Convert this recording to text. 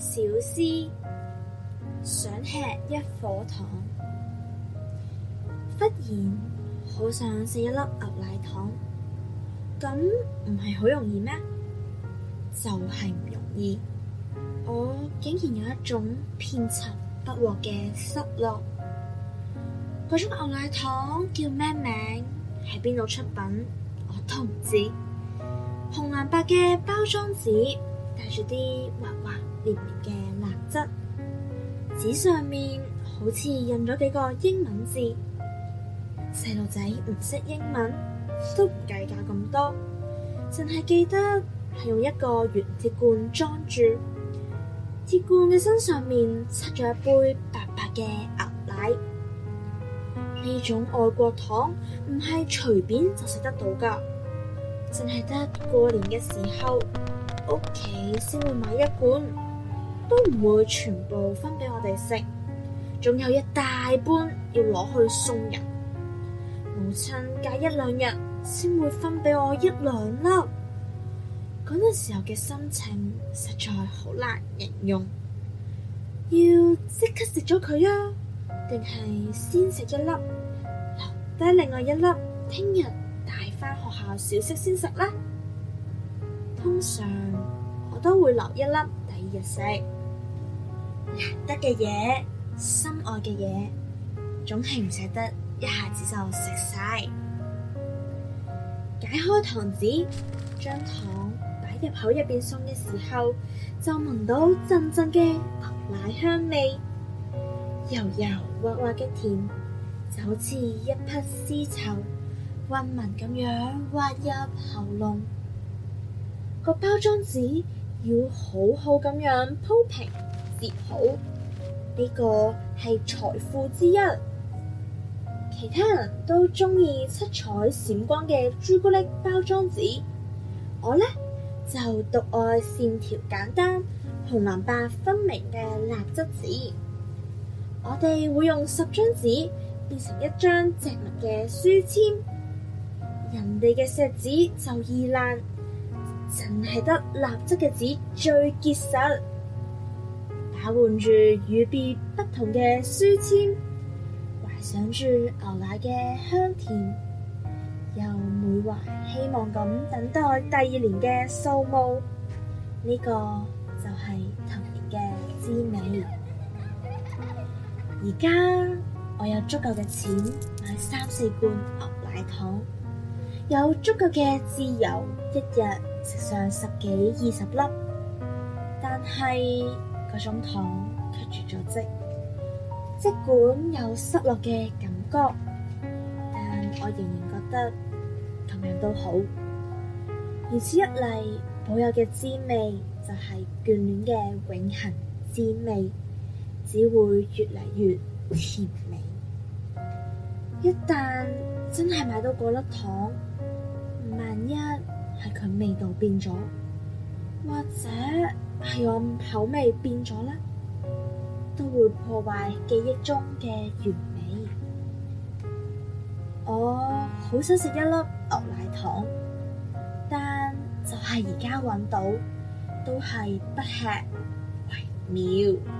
小思想吃一顆糖，忽然好想食一粒牛奶糖，咁唔係好容易咩？就係、是、唔容易，我竟然有一種遍尋不獲嘅失落。嗰種牛奶糖叫咩名？喺邊度出品？我都唔知。紅藍白嘅包裝紙住啲滑滑黏黏嘅蠟質，紙上面好似印咗幾個英文字。細路仔唔識英文，都唔計較咁多，淨係記得係用一個圓鐵罐裝住，鐵罐嘅身上面塞咗一杯白白嘅牛奶。呢種外國糖唔係隨便就食得到㗎，淨係得過年嘅時候。屋企先會買一罐，都唔會全部分俾我哋食，仲有一大半要攞去送人。母親隔一兩日先會分俾我一兩粒，嗰陣時候嘅心情實在好難形容。要即刻食咗佢啊，定係先食一粒，留低另外一粒，聽日帶翻學校小息先食啦。通常我都會留一粒，第二日食。難得嘅嘢，心愛嘅嘢，總係唔捨得一下子就食晒。解開糖紙，將糖擺入口入邊送嘅時候，就聞到陣陣嘅牛奶香味，油油滑滑嘅甜，就好似一匹絲綢溫文咁樣滑入喉嚨。個包裝紙要好好咁樣鋪平折好，呢個係財富之一。其他人都鍾意七彩閃光嘅朱古力包裝紙，我咧就獨愛線條簡單、紅藍白分明嘅蠟質紙。我哋會用十張紙變成一張植物嘅書簽，人哋嘅錫紙就易爛。真係得蠟質嘅紙最結實，打換住與別不同嘅書簽，懷想住牛奶嘅香甜，又滿懷希望咁等待第二年嘅掃墓。呢個就係童年嘅滋味。而家我有足夠嘅錢買三四罐牛奶糖，有足夠嘅自由一日。食上十幾二十粒，但係嗰種糖卻絕咗跡。盡管有失落嘅感覺，但我仍然覺得同樣都好。如此一嚟，保有嘅滋味就係眷戀嘅永恒滋味，只會越嚟越甜美。一旦真係買到嗰粒糖，萬一……係佢味道變咗，或者係我口味變咗啦，都會破壞記憶中嘅完美。我好想食一粒牛奶糖，但就係而家搵到，都係不吃為妙。